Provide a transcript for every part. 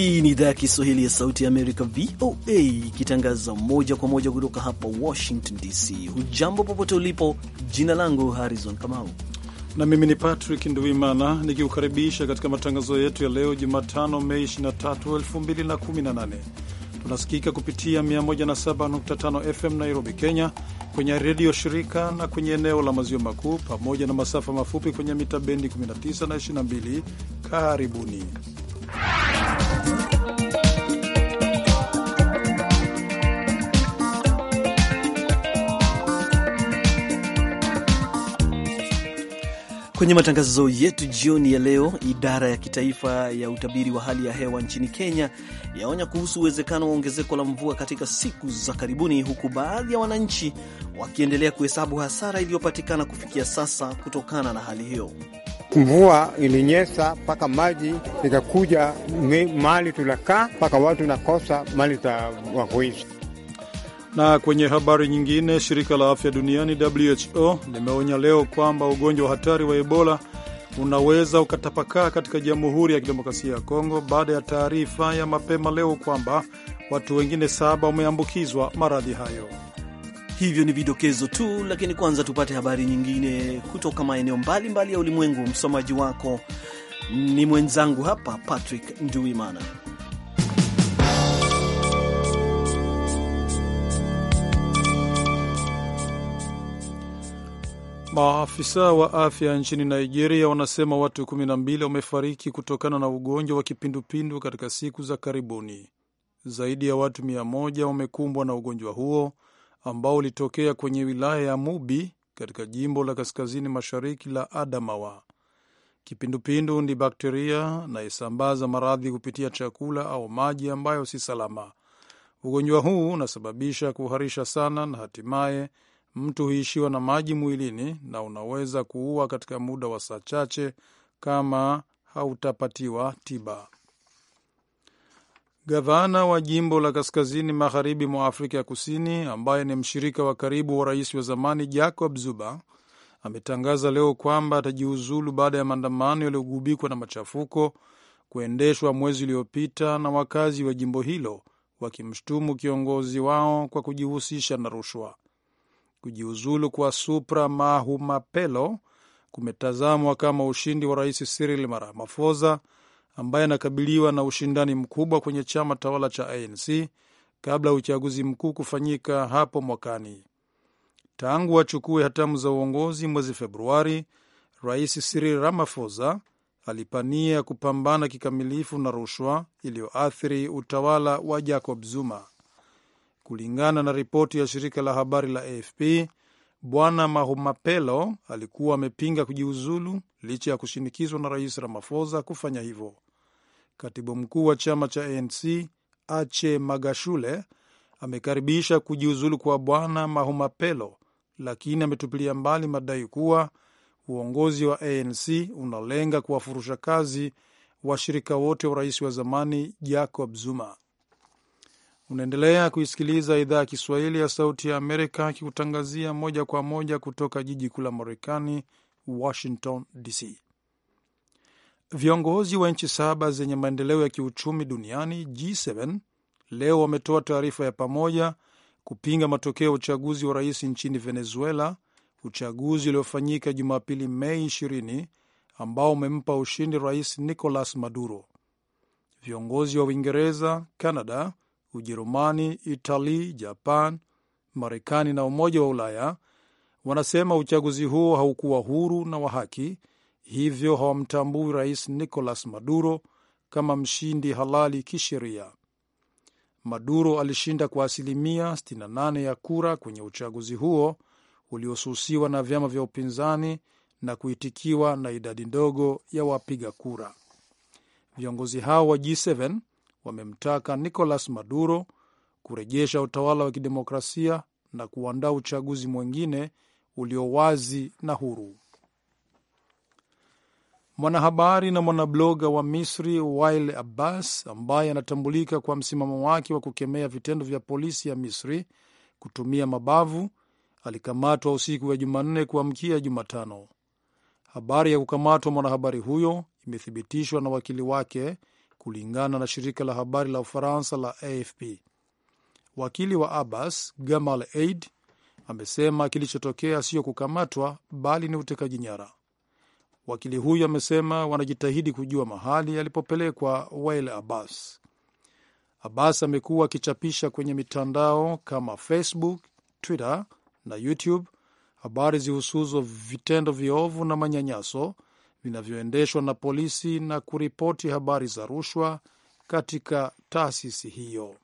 Hii ni idhaa ya Kiswahili ya Sauti ya Amerika, VOA, ikitangaza moja kwa moja kutoka hapa Washington DC. Hujambo popote ulipo, jina langu Harrison Kamau na mimi ni Patrick Nduimana nikiukaribisha katika matangazo yetu ya leo Jumatano, Mei 23, 2018. Tunasikika kupitia 107.5 FM Nairobi, Kenya, kwenye redio shirika na kwenye eneo la maziwa makuu, pamoja na masafa mafupi kwenye mita bendi 19 na 22. Karibuni. Kwenye matangazo yetu jioni ya leo, idara ya kitaifa ya utabiri wa hali ya hewa nchini Kenya yaonya kuhusu uwezekano wa ongezeko la mvua katika siku za karibuni, huku baadhi ya wananchi wakiendelea kuhesabu hasara iliyopatikana kufikia sasa kutokana na hali hiyo mvua ilinyesa mpaka maji ikakuja mali tunakaa mpaka watu nakosa mali za wakuishi. Na kwenye habari nyingine, shirika la afya duniani WHO limeonya leo kwamba ugonjwa wa hatari wa Ebola unaweza ukatapakaa katika Jamhuri ya Kidemokrasia ya Kongo baada ya taarifa ya mapema leo kwamba watu wengine saba wameambukizwa maradhi hayo. Hivyo ni vidokezo tu, lakini kwanza tupate habari nyingine kutoka maeneo mbalimbali ya ulimwengu. Msomaji wako ni mwenzangu hapa Patrick Nduimana. Maafisa wa afya nchini Nigeria wanasema watu 12 wamefariki kutokana na ugonjwa wa kipindupindu katika siku za karibuni. Zaidi ya watu 100 wamekumbwa na ugonjwa huo ambao ulitokea kwenye wilaya ya Mubi katika jimbo la kaskazini mashariki la Adamawa. Kipindupindu ni bakteria naisambaza maradhi kupitia chakula au maji ambayo si salama. Ugonjwa huu unasababisha kuharisha sana na hatimaye mtu huishiwa na maji mwilini na unaweza kuua katika muda wa saa chache kama hautapatiwa tiba. Gavana wa jimbo la kaskazini magharibi mwa Afrika ya Kusini, ambaye ni mshirika wa karibu wa rais wa zamani Jacob Zuma, ametangaza leo kwamba atajiuzulu baada ya maandamano yaliyogubikwa na machafuko kuendeshwa mwezi uliopita, na wakazi wa jimbo hilo wakimshutumu kiongozi wao kwa kujihusisha na rushwa. Kujiuzulu kwa Supra Mahumapelo kumetazamwa kama ushindi wa rais Cyril Ramaphosa ambaye anakabiliwa na ushindani mkubwa kwenye chama tawala cha ANC kabla ya uchaguzi mkuu kufanyika hapo mwakani. Tangu achukue hatamu za uongozi mwezi Februari, Rais Cyril Ramaphosa alipania kupambana kikamilifu na rushwa iliyoathiri utawala wa Jacob Zuma. Kulingana na ripoti ya shirika la habari la AFP, Bwana Mahumapelo alikuwa amepinga kujiuzulu licha ya kushinikizwa na Rais Ramaphosa kufanya hivyo. Katibu mkuu wa chama cha ANC Ache Magashule amekaribisha kujiuzulu kwa Bwana Mahumapelo, lakini ametupilia mbali madai kuwa uongozi wa ANC unalenga kuwafurusha kazi washirika wote wa rais wa zamani Jacob Zuma. Unaendelea kuisikiliza idhaa ya Kiswahili ya Sauti ya Amerika kikutangazia moja kwa moja kutoka jiji kuu la Marekani, Washington DC. Viongozi wa nchi saba zenye maendeleo ya kiuchumi duniani G7 leo wametoa taarifa ya pamoja kupinga matokeo ya uchaguzi wa rais nchini Venezuela, uchaguzi uliofanyika Jumapili Mei 20 ambao umempa ushindi rais Nicolas Maduro. Viongozi wa Uingereza, Canada, Ujerumani, Itali, Japan, Marekani na Umoja wa Ulaya wanasema uchaguzi huo haukuwa huru na wa haki hivyo hawamtambui rais Nicolas Maduro kama mshindi halali kisheria. Maduro alishinda kwa asilimia 68 ya kura kwenye uchaguzi huo uliosusiwa na vyama vya upinzani na kuitikiwa na idadi ndogo ya wapiga kura. Viongozi hao wa G7 wamemtaka Nicolas Maduro kurejesha utawala wa kidemokrasia na kuandaa uchaguzi mwingine ulio wazi na huru. Mwanahabari na mwanabloga wa Misri wil Abbas, ambaye anatambulika kwa msimamo wake wa kukemea vitendo vya polisi ya Misri kutumia mabavu, alikamatwa usiku wa Jumanne kuamkia Jumatano. Habari ya kukamatwa mwanahabari huyo imethibitishwa na wakili wake, kulingana na shirika la habari la Ufaransa la AFP. Wakili wa Abbas, Gamal Eid, amesema kilichotokea sio kukamatwa, bali ni utekaji nyara. Wakili huyo amesema wanajitahidi kujua mahali alipopelekwa Wael Abbas. Abbas amekuwa akichapisha kwenye mitandao kama Facebook, Twitter na YouTube habari zihusuzo vitendo viovu na manyanyaso vinavyoendeshwa na polisi na kuripoti habari za rushwa katika taasisi hiyo.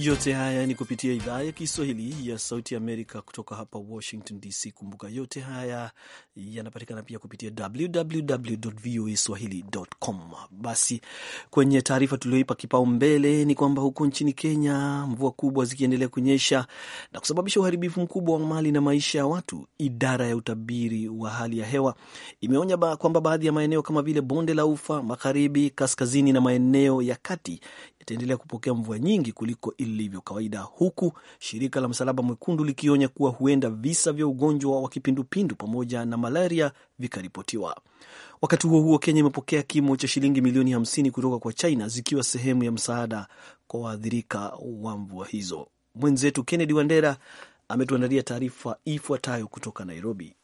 Yote haya ni kupitia idhaa ya Kiswahili ya Sauti Amerika kutoka hapa Washington DC. Kumbuka yote haya yanapatikana pia kupitia swahilicom Basi kwenye taarifa tulioipa kipaumbele ni kwamba huko nchini Kenya, mvua kubwa zikiendelea kunyesha na kusababisha uharibifu mkubwa wa mali na maisha ya watu, idara ya utabiri wa hali ya hewa imeonya kwamba baadhi ya maeneo kama vile bonde la Ufa, magharibi, kaskazini na maeneo ya kati itaendelea kupokea mvua nyingi kuliko ilivyo kawaida, huku shirika la Msalaba Mwekundu likionya kuwa huenda visa vya ugonjwa wa kipindupindu pamoja na malaria vikaripotiwa. Wakati huo huo, Kenya imepokea kimo cha shilingi milioni 50 kutoka kwa China zikiwa sehemu ya msaada kwa waathirika wa mvua hizo. Mwenzetu Kennedy Wandera ametuandalia taarifa ifuatayo kutoka Nairobi.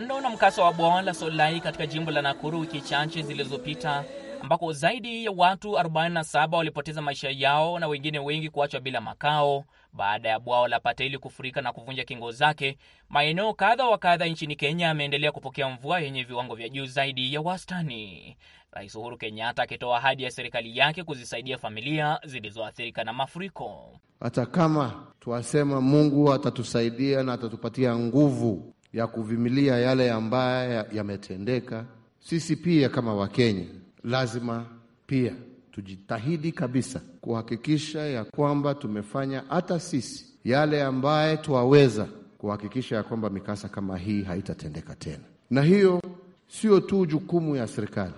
Kando na mkasa wa bwawa la Solai katika jimbo la Nakuru wiki chache zilizopita, ambako zaidi ya watu 47 walipoteza maisha yao na wengine wengi kuachwa bila makao baada ya bwawa la Pateli kufurika na kuvunja kingo zake, maeneo kadha wa kadha nchini Kenya yameendelea kupokea mvua yenye viwango vya juu zaidi ya wastani. Rais Uhuru Kenyatta akitoa ahadi ya serikali yake kuzisaidia familia zilizoathirika na mafuriko. Hata kama twasema Mungu atatusaidia na atatupatia nguvu ya kuvimilia yale ambayo yametendeka. Sisi pia kama Wakenya lazima pia tujitahidi kabisa kuhakikisha ya kwamba tumefanya hata sisi yale ambaye twaweza kuhakikisha ya kwamba mikasa kama hii haitatendeka tena. Na hiyo sio tu jukumu ya serikali.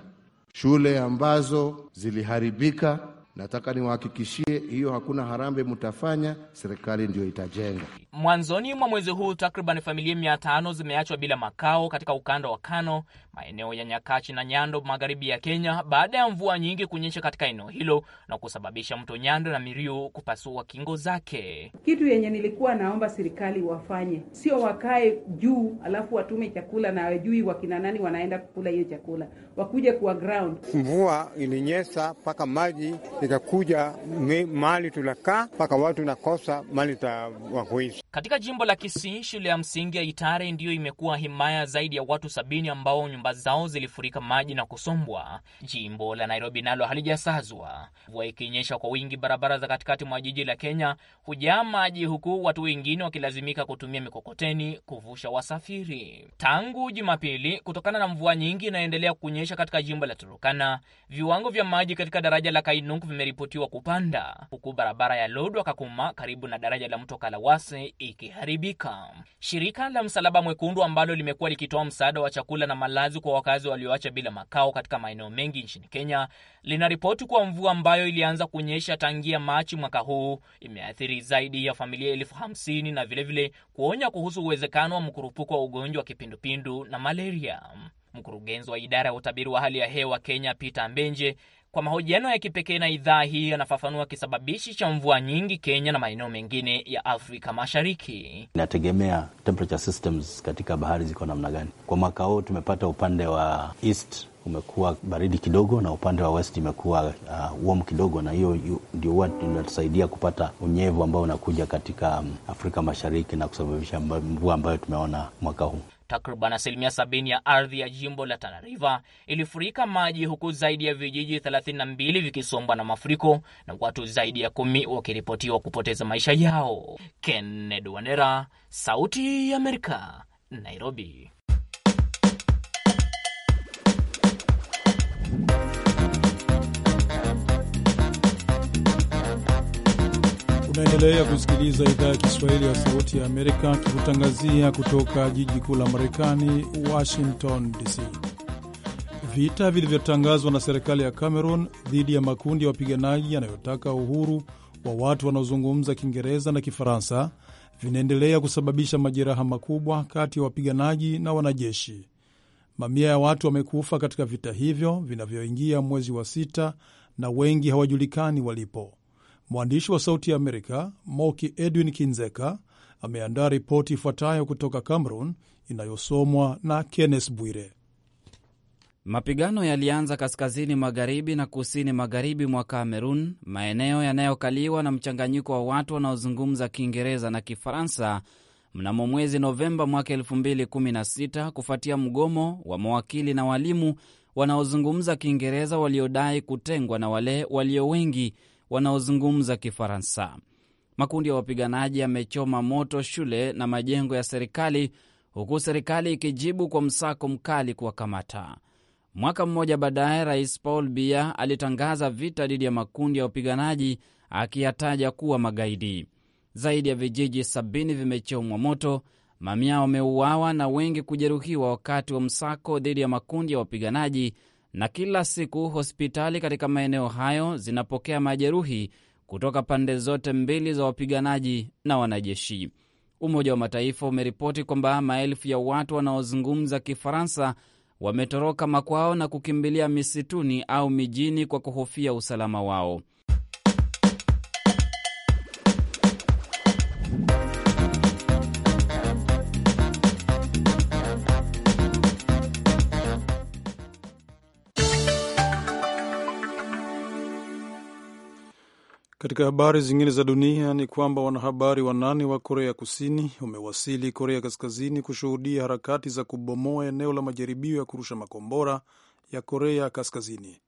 Shule ambazo ziliharibika Nataka niwahakikishie hiyo hakuna harambe mtafanya, serikali ndiyo itajenga. Mwanzoni mwa mwezi huu takriban familia mia tano zimeachwa bila makao katika ukanda wa Kano, maeneo ya Nyakachi na Nyando, magharibi ya Kenya, baada ya mvua nyingi kunyesha katika eneo hilo na kusababisha mto Nyando na miriu kupasua kingo zake. Kitu yenye nilikuwa naomba serikali wafanye, sio wakae juu alafu watume chakula na wajui wakina nani wanaenda kukula hiyo chakula wakuja kuwa ground. Mvua ilinyesa mpaka maji ikakuja mali tunakaa, mpaka watu nakosa mali ta wakuishi katika jimbo la Kisii, shule ya msingi ya Itare ndiyo imekuwa himaya zaidi ya watu sabini ambao nyumba zao zilifurika maji na kusombwa. Jimbo la Nairobi nalo halijasazwa. Mvua ikinyesha kwa wingi, barabara za katikati mwa jiji la Kenya hujaa maji, huku watu wengine wakilazimika kutumia mikokoteni kuvusha wasafiri. Tangu Jumapili, kutokana na mvua nyingi inayoendelea kunyesha katika jimbo la Turukana, viwango vya maji katika daraja la kainuk vimeripotiwa kupanda, huku barabara ya lodwa Kakuma karibu na daraja la mto Kalawase ikiharibika. Shirika la Msalaba Mwekundu ambalo limekuwa likitoa msaada wa chakula na malazi kwa wakazi walioacha bila makao katika maeneo mengi nchini Kenya linaripoti kuwa mvua ambayo ilianza kunyesha tangia Machi mwaka huu imeathiri zaidi ya familia elfu hamsini na vilevile kuonya kuhusu uwezekano wa mkurupuko wa ugonjwa wa kipindupindu na malaria. Mkurugenzi wa idara ya utabiri wa hali ya hewa Kenya, Peter Mbenje, kwa mahojiano ya kipekee na idhaa hii, anafafanua kisababishi cha mvua nyingi Kenya na maeneo mengine ya Afrika Mashariki. Inategemea temperature systems katika bahari ziko namna gani. Kwa mwaka huu tumepata upande wa east umekuwa baridi kidogo na upande wa west imekuwa uh, warm kidogo, na hiyo ndio huwa inatusaidia kupata unyevu ambao unakuja katika um, Afrika Mashariki na kusababisha mvua ambayo tumeona mwaka huu. Takriban asilimia sabini ya ardhi ya jimbo la Tana River ilifurika maji huku zaidi ya vijiji 32 vikisombwa na mafuriko na watu zaidi ya kumi wakiripotiwa kupoteza maisha yao. Kennedy Wandera, Sauti ya Amerika, Nairobi. Unaendelea kusikiliza idhaa ya Kiswahili ya Sauti ya Amerika kikutangazia kutoka jiji kuu la Marekani, Washington DC. Vita vilivyotangazwa na serikali ya Cameroon dhidi ya makundi ya wapiganaji yanayotaka uhuru wa watu wanaozungumza Kiingereza na Kifaransa vinaendelea kusababisha majeraha makubwa kati ya wapiganaji na wanajeshi. Mamia ya watu wamekufa katika vita hivyo vinavyoingia mwezi wa sita na wengi hawajulikani walipo. Mwandishi wa Sauti ya Amerika Moki Edwin Kinzeka ameandaa ripoti ifuatayo kutoka Cameroon inayosomwa na Kenneth Bwire. Mapigano yalianza kaskazini magharibi na kusini magharibi mwa Kamerun, maeneo yanayokaliwa na mchanganyiko wa watu wanaozungumza Kiingereza na Kifaransa mnamo mwezi Novemba mwaka 2016 kufuatia mgomo wa mawakili na walimu wanaozungumza Kiingereza waliodai kutengwa na wale walio wengi wanaozungumza Kifaransa. Makundi ya wapiganaji yamechoma moto shule na majengo ya serikali, huku serikali ikijibu kwa msako mkali kuwakamata. Mwaka mmoja baadaye, Rais Paul Biya alitangaza vita dhidi ya makundi ya wapiganaji akiyataja kuwa magaidi. Zaidi ya vijiji sabini vimechomwa moto, mamia wameuawa na wengi kujeruhiwa wakati wa msako dhidi ya makundi ya wapiganaji na kila siku hospitali katika maeneo hayo zinapokea majeruhi kutoka pande zote mbili za wapiganaji na wanajeshi. Umoja wa Mataifa umeripoti kwamba maelfu ya watu wanaozungumza Kifaransa wametoroka makwao na kukimbilia misituni au mijini kwa kuhofia usalama wao. Katika habari zingine za dunia ni kwamba wanahabari wanane wa Korea Kusini wamewasili Korea Kaskazini kushuhudia harakati za kubomoa eneo la majaribio ya kurusha makombora ya Korea Kaskazini.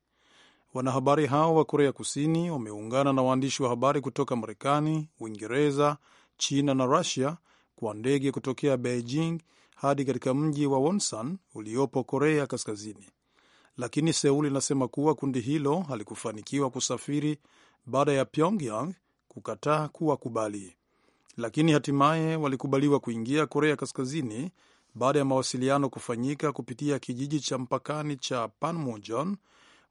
Wanahabari hao wa Korea Kusini wameungana na waandishi wa habari kutoka Marekani, Uingereza, China na Rusia kwa ndege kutokea Beijing hadi katika mji wa Wonsan uliopo Korea Kaskazini, lakini Seul inasema kuwa kundi hilo halikufanikiwa kusafiri baada ya Pyongyang kukataa kuwakubali, lakini hatimaye walikubaliwa kuingia Korea Kaskazini baada ya mawasiliano kufanyika kupitia kijiji cha mpakani cha Panmunjom.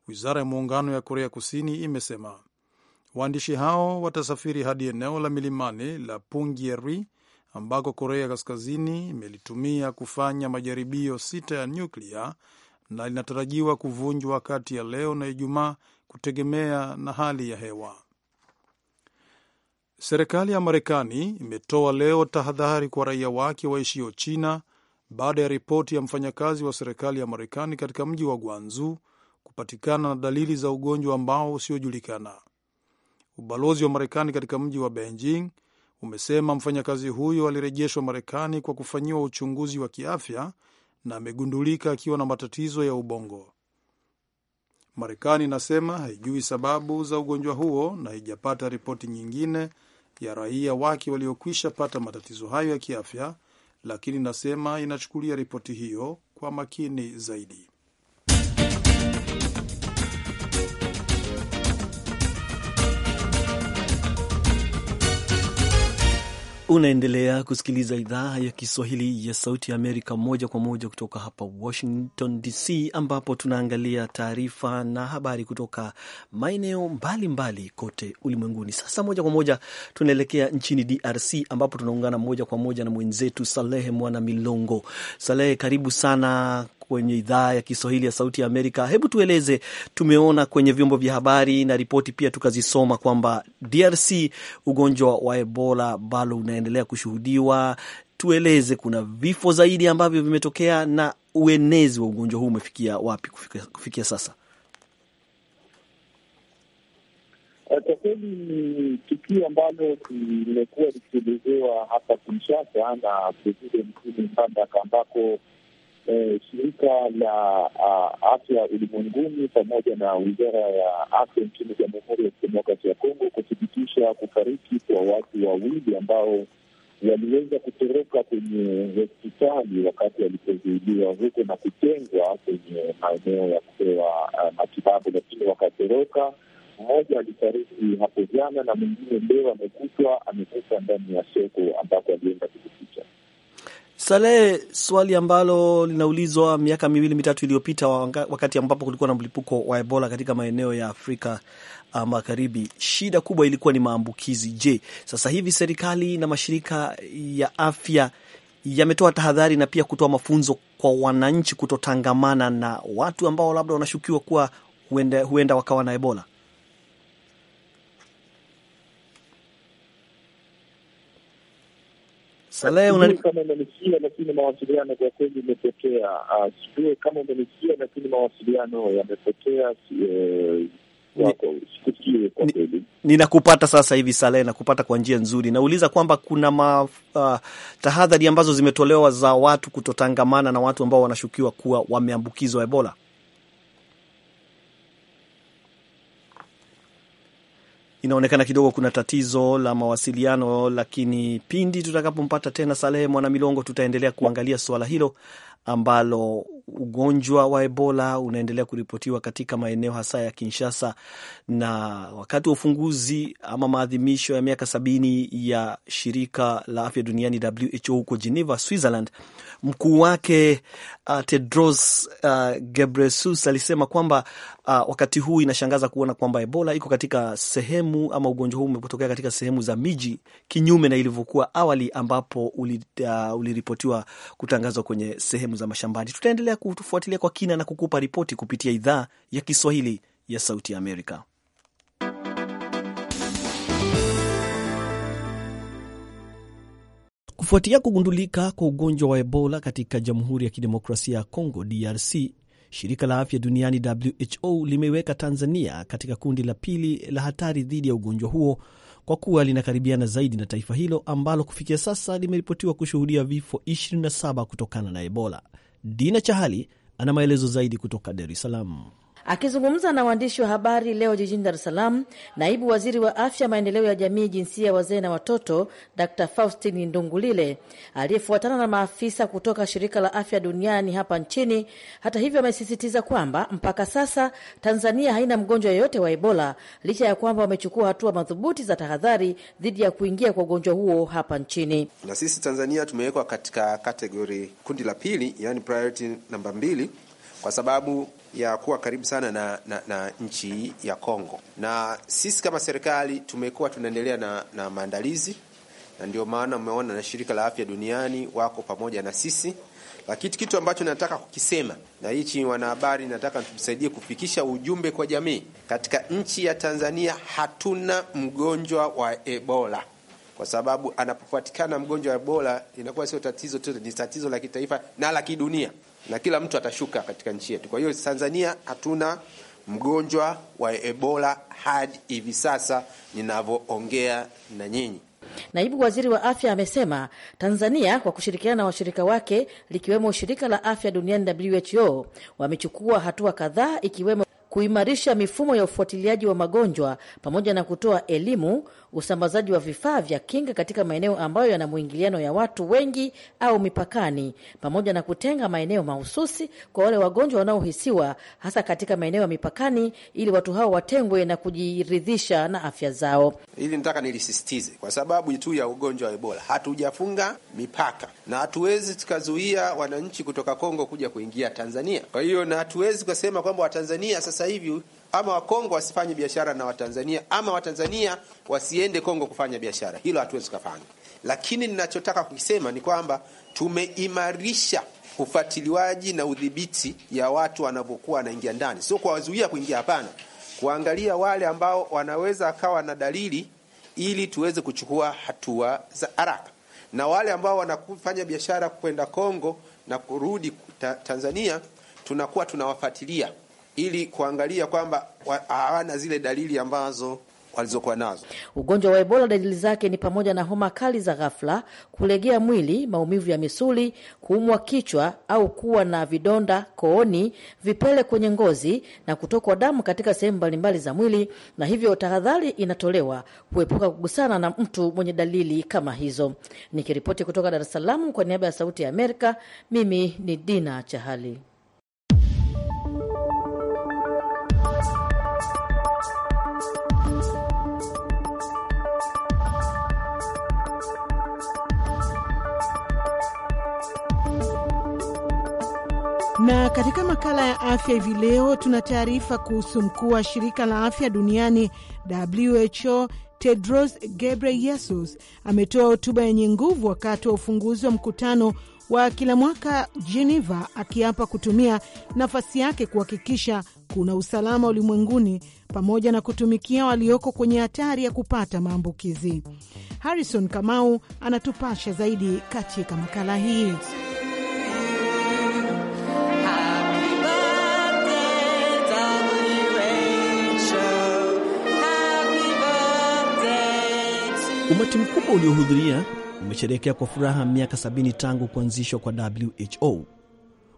Wizara ya Muungano ya Korea Kusini imesema waandishi hao watasafiri hadi eneo la milimani la Punggye-ri ambako Korea Kaskazini imelitumia kufanya majaribio sita ya nyuklia na linatarajiwa kuvunjwa kati ya leo na Ijumaa kutegemea na hali ya hewa. Serikali ya Marekani imetoa leo tahadhari kwa raia wake waishio China baada ya ripoti ya mfanyakazi wa serikali ya Marekani katika mji wa Guangzhou kupatikana na dalili za ugonjwa ambao usiojulikana. Ubalozi wa Marekani katika mji wa Beijing umesema mfanyakazi huyo alirejeshwa Marekani kwa kufanyiwa uchunguzi wa kiafya na amegundulika akiwa na matatizo ya ubongo. Marekani inasema haijui sababu za ugonjwa huo na haijapata ripoti nyingine ya raia wake waliokwisha pata matatizo hayo ya kiafya, lakini inasema inachukulia ripoti hiyo kwa makini zaidi. Unaendelea kusikiliza idhaa ya Kiswahili ya Sauti ya Amerika moja kwa moja kutoka hapa Washington DC, ambapo tunaangalia taarifa na habari kutoka maeneo mbalimbali kote ulimwenguni. Sasa moja kwa moja tunaelekea nchini DRC, ambapo tunaungana moja kwa moja na mwenzetu Salehe Mwana Milongo. Salehe, karibu sana kwenye idhaa ya Kiswahili ya Sauti ya Amerika. Hebu tueleze, tumeona kwenye vyombo vya habari na ripoti pia tukazisoma kwamba DRC ugonjwa wa Ebola bado unaendelea zinaendelea kushuhudiwa? Tueleze, kuna vifo zaidi ambavyo vimetokea na uenezi wa ugonjwa huu umefikia wapi kufikia, kufikia sasa? Eh, kwa kweli ni tukio ambalo limekuwa likielezewa hapa Kinshasa na vilevile mjini Mbandaka ambako eh, shirika la uh, afya ulimwenguni pamoja na wizara ya afya nchini Jamhuri ya Kidemokrasi ya Kongo kuthibitisha kufariki kwa watu wawili ambao waliweza kutoroka kwenye hospitali wakati walipozuiliwa huko na kutengwa kwenye maeneo ya kupewa uh, matibabu, lakini wakatoroka. Mmoja alifariki hapo jana na mwingine leo amekutwa amekufa ndani ya soko ambako alienda Salehe, swali ambalo linaulizwa miaka miwili mitatu iliyopita, wakati ambapo kulikuwa na mlipuko wa Ebola katika maeneo ya Afrika ah, Magharibi, shida kubwa ilikuwa ni maambukizi. Je, sasa hivi serikali na mashirika ya afya yametoa tahadhari na pia kutoa mafunzo kwa wananchi kutotangamana na watu ambao labda wanashukiwa kuwa huenda, huenda wakawa na Ebola? Salehe, kama umenisikia, lakini mawasiliano kwa kweli imepotea. Ah, Sijue kama umenisikia, lakini mawasiliano yamepotea. Eh, ninakupata sasa hivi Salehe, nakupata kwa njia nzuri. Nauliza kwamba kuna ma, uh, tahadhari ambazo zimetolewa za watu kutotangamana na watu ambao wanashukiwa kuwa wameambukizwa Ebola. inaonekana kidogo kuna tatizo la mawasiliano, lakini pindi tutakapompata tena Salehe Mwanamilongo, tutaendelea kuangalia suala hilo ambalo ugonjwa wa Ebola unaendelea kuripotiwa katika maeneo hasa ya Kinshasa, na wakati wa ufunguzi ama maadhimisho ya miaka sabini ya shirika la afya duniani WHO huko Geneva, Switzerland, mkuu wake uh, Tedros uh, Gebresus alisema kwamba uh, wakati huu inashangaza kuona kwamba Ebola iko katika sehemu ama ugonjwa huu umepotokea katika sehemu za miji, kinyume na ilivyokuwa awali ambapo uh, uliripotiwa uh, kutangazwa kwenye sehemu za mashambani. Tutaendelea Endelea kutufuatilia kwa kina na kukupa ripoti kupitia idhaa ya Kiswahili ya Sauti ya Amerika. Kufuatia kugundulika kwa ugonjwa wa Ebola katika Jamhuri ya Kidemokrasia ya Kongo, DRC, shirika la afya duniani WHO limeiweka Tanzania katika kundi la pili la hatari dhidi ya ugonjwa huo kwa kuwa linakaribiana zaidi na taifa hilo ambalo kufikia sasa limeripotiwa kushuhudia vifo 27 kutokana na Ebola. Dina Chahali ana maelezo zaidi kutoka Dar es Salaam. Akizungumza na waandishi wa habari leo jijini Dar es Salaam, naibu waziri wa afya, maendeleo ya jamii, jinsia, wazee na watoto, Dr Faustin Ndungulile aliyefuatana na maafisa kutoka shirika la afya duniani hapa nchini, hata hivyo, amesisitiza kwamba mpaka sasa Tanzania haina mgonjwa yeyote wa Ebola licha ya kwamba wamechukua hatua madhubuti za tahadhari dhidi ya kuingia kwa ugonjwa huo hapa nchini. Na sisi Tanzania tumewekwa katika kategori kundi la pili, yani priority namba mbili kwa sababu ya kuwa karibu sana na, na, na nchi ya Kongo, na sisi kama serikali tumekuwa tunaendelea na, na maandalizi na ndio maana mmeona na shirika la afya duniani wako pamoja na sisi, lakini kitu ambacho nataka kukisema na hichi, wanahabari, nataka tusaidie kufikisha ujumbe kwa jamii. Katika nchi ya Tanzania hatuna mgonjwa wa Ebola, kwa sababu anapopatikana mgonjwa wa Ebola inakuwa sio tatizo tu, ni tatizo la kitaifa na la kidunia na kila mtu atashuka katika nchi yetu. Kwa hiyo Tanzania hatuna mgonjwa wa Ebola hadi hivi sasa ninavyoongea na nyinyi. Naibu waziri wa afya amesema Tanzania kwa kushirikiana na washirika wake likiwemo shirika la afya duniani WHO wamechukua hatua kadhaa ikiwemo kuimarisha mifumo ya ufuatiliaji wa magonjwa pamoja na kutoa elimu, usambazaji wa vifaa vya kinga katika maeneo ambayo yana mwingiliano ya watu wengi au mipakani, pamoja na kutenga maeneo mahususi kwa wale wagonjwa wanaohisiwa, hasa katika maeneo ya mipakani, ili watu hao watengwe na kujiridhisha na afya zao. Hili nataka nilisisitize kwa sababu tu ya ugonjwa wa Ebola. Hatujafunga mipaka na hatuwezi tukazuia wananchi kutoka Kongo kuja kuingia Tanzania. Kwa hiyo na hatuwezi kusema kwamba Watanzania sasa hivi ama Wakongo wasifanye biashara na Watanzania ama Watanzania wasiende Kongo kufanya biashara. Hilo hatuwezi kufanya. Lakini ninachotaka kukisema ni kwamba tumeimarisha ufuatiliwaji na udhibiti ya watu wanavyokuwa wanaingia ndani, sio kuwazuia kuingia, hapana kuangalia wale ambao wanaweza akawa na dalili ili tuweze kuchukua hatua za haraka, na wale ambao wanafanya biashara kwenda Kongo na kurudi ta Tanzania, tunakuwa tunawafuatilia ili kuangalia kwamba hawana zile dalili ambazo walizokuwa nazo. Ugonjwa wa Ebola dalili zake ni pamoja na homa kali za ghafla, kulegea mwili, maumivu ya misuli, kuumwa kichwa au kuwa na vidonda kooni, vipele kwenye ngozi na kutokwa damu katika sehemu mbalimbali za mwili, na hivyo tahadhari inatolewa kuepuka kugusana na mtu mwenye dalili kama hizo. Nikiripoti kutoka Dar es Salaam kwa niaba ya Sauti ya Amerika, mimi ni Dina Chahali. Na katika makala ya afya hivi leo tuna taarifa kuhusu mkuu wa shirika la afya duniani WHO Tedros Ghebreyesus ametoa hotuba yenye nguvu wakati wa ufunguzi wa mkutano wa kila mwaka Geneva, akiapa kutumia nafasi yake kuhakikisha kuna usalama ulimwenguni pamoja na kutumikia walioko kwenye hatari ya kupata maambukizi. Harrison Kamau anatupasha zaidi katika makala hii. Umati mkubwa uliohudhuria umesherehekea kwa furaha miaka 70 tangu kuanzishwa kwa WHO.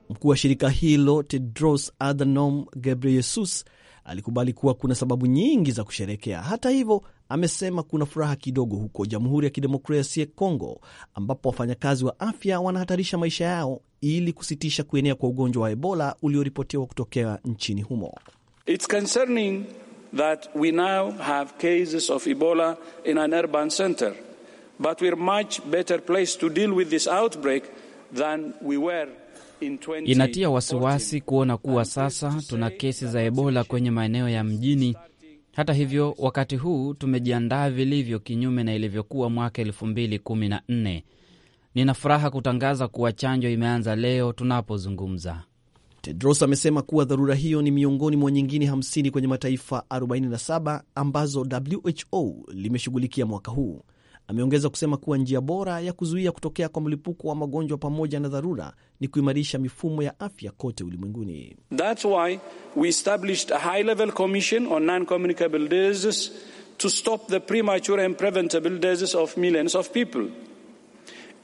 Mkuu wa shirika hilo Tedros Adhanom Ghebreyesus alikubali kuwa kuna sababu nyingi za kusherekea. Hata hivyo, amesema kuna furaha kidogo huko Jamhuri ya Kidemokrasia ya Kongo, ambapo wafanyakazi wa afya wanahatarisha maisha yao ili kusitisha kuenea kwa ugonjwa wa Ebola ulioripotiwa kutokea nchini humo. It's concerning that we now have cases of Ebola in an urban center. But we're much better placed to deal with this outbreak than we were Inatia wasiwasi kuona kuwa sasa tuna kesi za Ebola kwenye maeneo ya mjini. Hata hivyo, wakati huu tumejiandaa vilivyo, kinyume na ilivyokuwa mwaka 2014. Nina furaha kutangaza kuwa chanjo imeanza leo tunapozungumza. Tedros amesema kuwa dharura hiyo ni miongoni mwa nyingine 50 kwenye mataifa 47 ambazo WHO limeshughulikia mwaka huu. Ameongeza kusema kuwa njia bora ya kuzuia kutokea kwa mlipuko wa magonjwa pamoja na dharura ni kuimarisha mifumo ya afya kote ulimwenguni. That's why we established a high level commission on non-communicable diseases to stop the premature and preventable deaths of millions of people.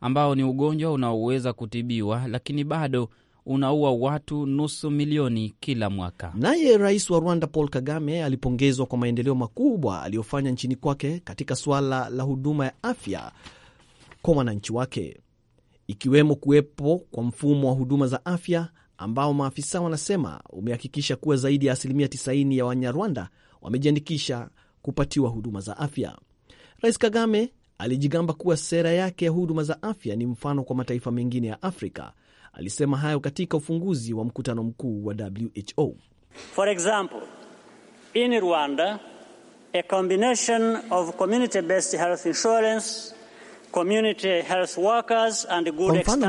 ambao ni ugonjwa unaoweza kutibiwa, lakini bado unaua watu nusu milioni kila mwaka. Naye rais wa Rwanda Paul Kagame alipongezwa kwa maendeleo makubwa aliyofanya nchini kwake katika suala la huduma ya afya kwa wananchi wake, ikiwemo kuwepo kwa mfumo wa huduma za afya ambao maafisa wanasema umehakikisha kuwa zaidi ya asilimia 90 ya Wanyarwanda wamejiandikisha kupatiwa huduma za afya. Rais Kagame Alijigamba kuwa sera yake ya huduma za afya ni mfano kwa mataifa mengine ya Afrika. Alisema hayo katika ufunguzi wa mkutano mkuu wa WHO. For example, in Rwanda, a combination of community-based health insurance kwa mfano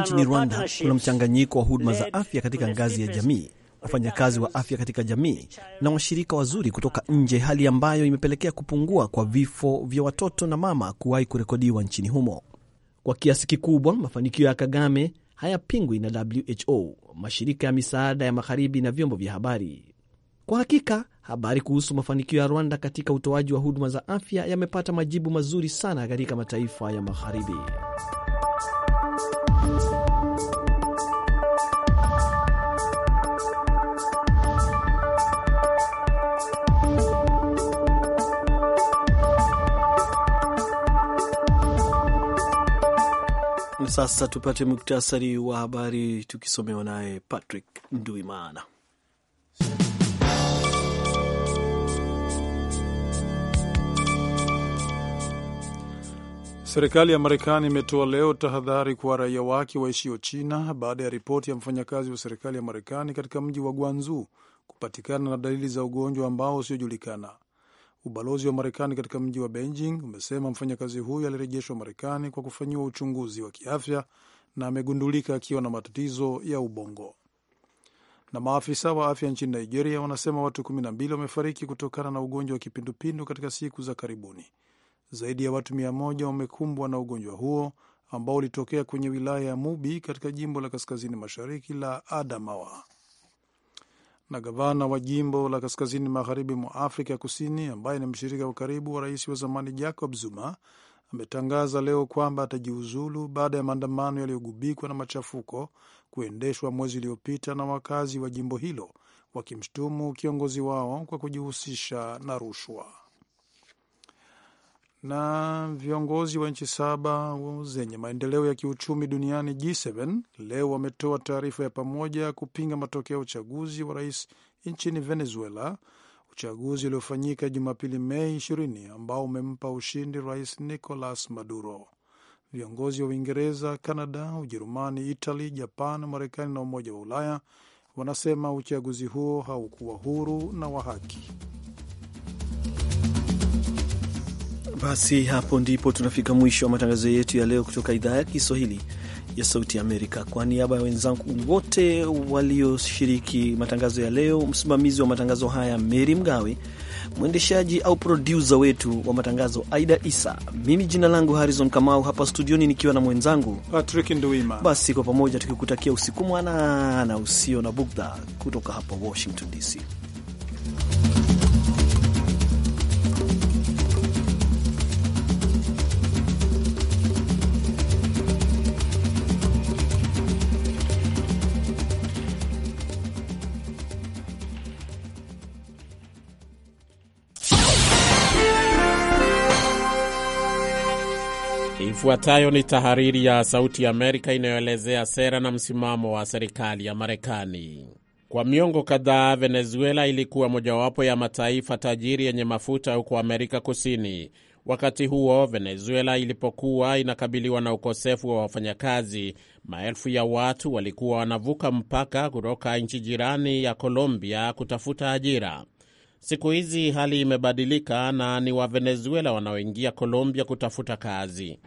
nchini Rwanda kuna mchanganyiko wa huduma za afya katika ngazi ya jamii wafanyakazi wa afya katika jamii na washirika wazuri kutoka nje, hali ambayo imepelekea kupungua kwa vifo vya watoto na mama kuwahi kurekodiwa nchini humo. Kwa kiasi kikubwa, mafanikio ya Kagame hayapingwi na WHO, mashirika ya misaada ya magharibi na vyombo vya habari. Kwa hakika, habari kuhusu mafanikio ya Rwanda katika utoaji wa huduma za afya yamepata majibu mazuri sana katika mataifa ya magharibi. na Sasa tupate muktasari wa habari tukisomewa naye Patrick Nduimana. Serikali ya Marekani imetoa leo tahadhari kwa raia wake waishio China baada ya ripoti ya mfanyakazi wa serikali ya Marekani katika mji wa Guangzhou kupatikana na dalili za ugonjwa ambao usiojulikana. Ubalozi wa Marekani katika mji wa Beijing umesema mfanyakazi huyo alirejeshwa Marekani kwa kufanyiwa uchunguzi wa kiafya na amegundulika akiwa na matatizo ya ubongo. Na maafisa wa afya nchini Nigeria wanasema watu 12 wamefariki kutokana na ugonjwa wa kipindupindu katika siku za karibuni. Zaidi ya watu 100 wamekumbwa na ugonjwa huo ambao ulitokea kwenye wilaya ya Mubi katika jimbo la kaskazini mashariki la Adamawa na gavana wa jimbo la kaskazini magharibi mwa Afrika ya Kusini, ambaye ni mshirika wa karibu wa rais wa zamani Jacob Zuma, ametangaza leo kwamba atajiuzulu baada ya maandamano yaliyogubikwa na machafuko kuendeshwa mwezi uliopita na wakazi wa jimbo hilo wakimshtumu kiongozi wao kwa kujihusisha na rushwa na viongozi wa nchi saba zenye maendeleo ya kiuchumi duniani G7 leo wametoa taarifa ya pamoja kupinga matokeo ya uchaguzi wa rais nchini Venezuela, uchaguzi uliofanyika Jumapili Mei 20 ambao umempa ushindi rais Nicolas Maduro. Viongozi wa Uingereza, Kanada, Ujerumani, italy Japan, Marekani na Umoja wa Ulaya wanasema uchaguzi huo haukuwa huru na wa haki. Basi hapo ndipo tunafika mwisho wa matangazo yetu ya leo kutoka idhaa ya Kiswahili ya Sauti ya Amerika. Kwa niaba ya wenzangu wote walioshiriki matangazo ya leo, msimamizi wa matangazo haya Meri Mgawe, mwendeshaji au produsa wetu wa matangazo Aida Isa, mimi jina langu Harrison Kamau, hapa studioni nikiwa na mwenzangu Patrick Nduima. Basi kwa pamoja tukikutakia usiku mwanana usio na bugdha kutoka hapa Washington DC. Ifuatayo ni tahariri ya Sauti ya Amerika inayoelezea sera na msimamo wa serikali ya Marekani. Kwa miongo kadhaa, Venezuela ilikuwa mojawapo ya mataifa tajiri yenye mafuta huko Amerika Kusini. Wakati huo Venezuela ilipokuwa inakabiliwa na ukosefu wa wafanyakazi, maelfu ya watu walikuwa wanavuka mpaka kutoka nchi jirani ya Colombia kutafuta ajira. Siku hizi hali imebadilika na ni Wavenezuela wanaoingia Colombia kutafuta kazi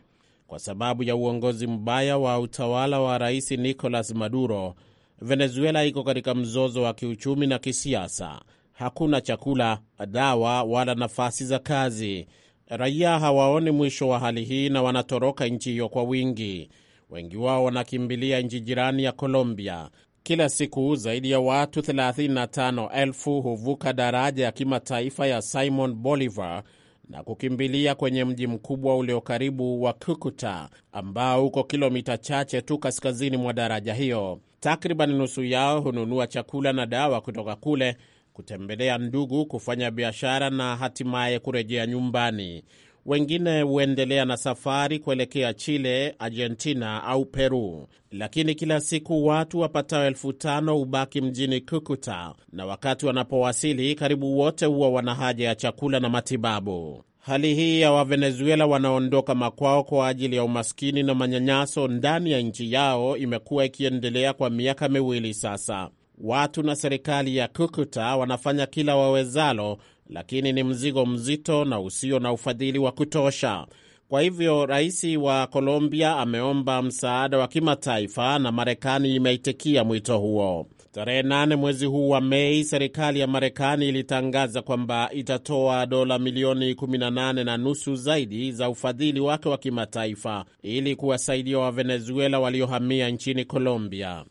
kwa sababu ya uongozi mbaya wa utawala wa Rais Nicolas Maduro. Venezuela iko katika mzozo wa kiuchumi na kisiasa. Hakuna chakula, dawa wala nafasi za kazi. Raia hawaoni mwisho wa hali hii na wanatoroka nchi hiyo kwa wingi. Wengi wao wanakimbilia nchi jirani ya Colombia. Kila siku zaidi ya watu 35,000 huvuka daraja ya kimataifa ya Simon Bolivar na kukimbilia kwenye mji mkubwa ulio karibu wa Kukuta ambao uko kilomita chache tu kaskazini mwa daraja hiyo. Takriban nusu yao hununua chakula na dawa kutoka kule, kutembelea ndugu, kufanya biashara na hatimaye kurejea nyumbani wengine huendelea na safari kuelekea Chile, Argentina au Peru. Lakini kila siku watu wapatao elfu tano hubaki mjini Kukuta, na wakati wanapowasili karibu wote huwa wana haja ya chakula na matibabu. Hali hii ya Wavenezuela wanaondoka makwao kwa ajili ya umaskini na manyanyaso ndani ya nchi yao imekuwa ikiendelea kwa miaka miwili sasa. Watu na serikali ya Kukuta wanafanya kila wawezalo lakini ni mzigo mzito na usio na ufadhili wa kutosha. Kwa hivyo rais wa Colombia ameomba msaada wa kimataifa na Marekani imeitikia mwito huo. Tarehe nane mwezi huu wa Mei, serikali ya Marekani ilitangaza kwamba itatoa dola milioni 18 na nusu zaidi za ufadhili wake wa kimataifa ili kuwasaidia Wavenezuela waliohamia nchini Colombia.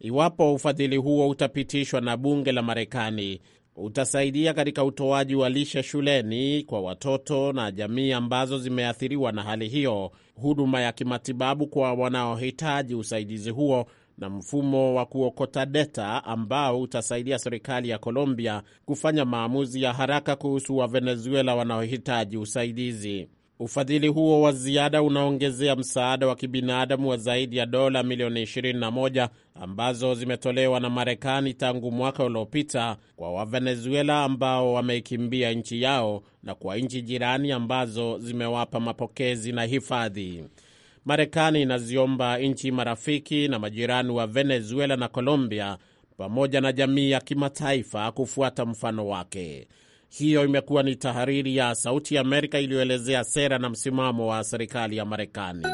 Iwapo ufadhili huo utapitishwa na bunge la Marekani, utasaidia katika utoaji wa lishe shuleni kwa watoto na jamii ambazo zimeathiriwa na hali hiyo, huduma ya kimatibabu kwa wanaohitaji usaidizi huo na mfumo wa kuokota deta ambao utasaidia serikali ya Colombia kufanya maamuzi ya haraka kuhusu Wavenezuela wanaohitaji usaidizi. Ufadhili huo wa ziada unaongezea msaada wa kibinadamu wa zaidi ya dola milioni 21 ambazo zimetolewa na Marekani tangu mwaka uliopita kwa Wavenezuela ambao wameikimbia nchi yao na kwa nchi jirani ambazo zimewapa mapokezi na hifadhi. Marekani inaziomba nchi marafiki na majirani wa Venezuela na Colombia pamoja na jamii ya kimataifa kufuata mfano wake. Hiyo imekuwa ni tahariri ya Sauti ya Amerika iliyoelezea sera na msimamo wa serikali ya Marekani.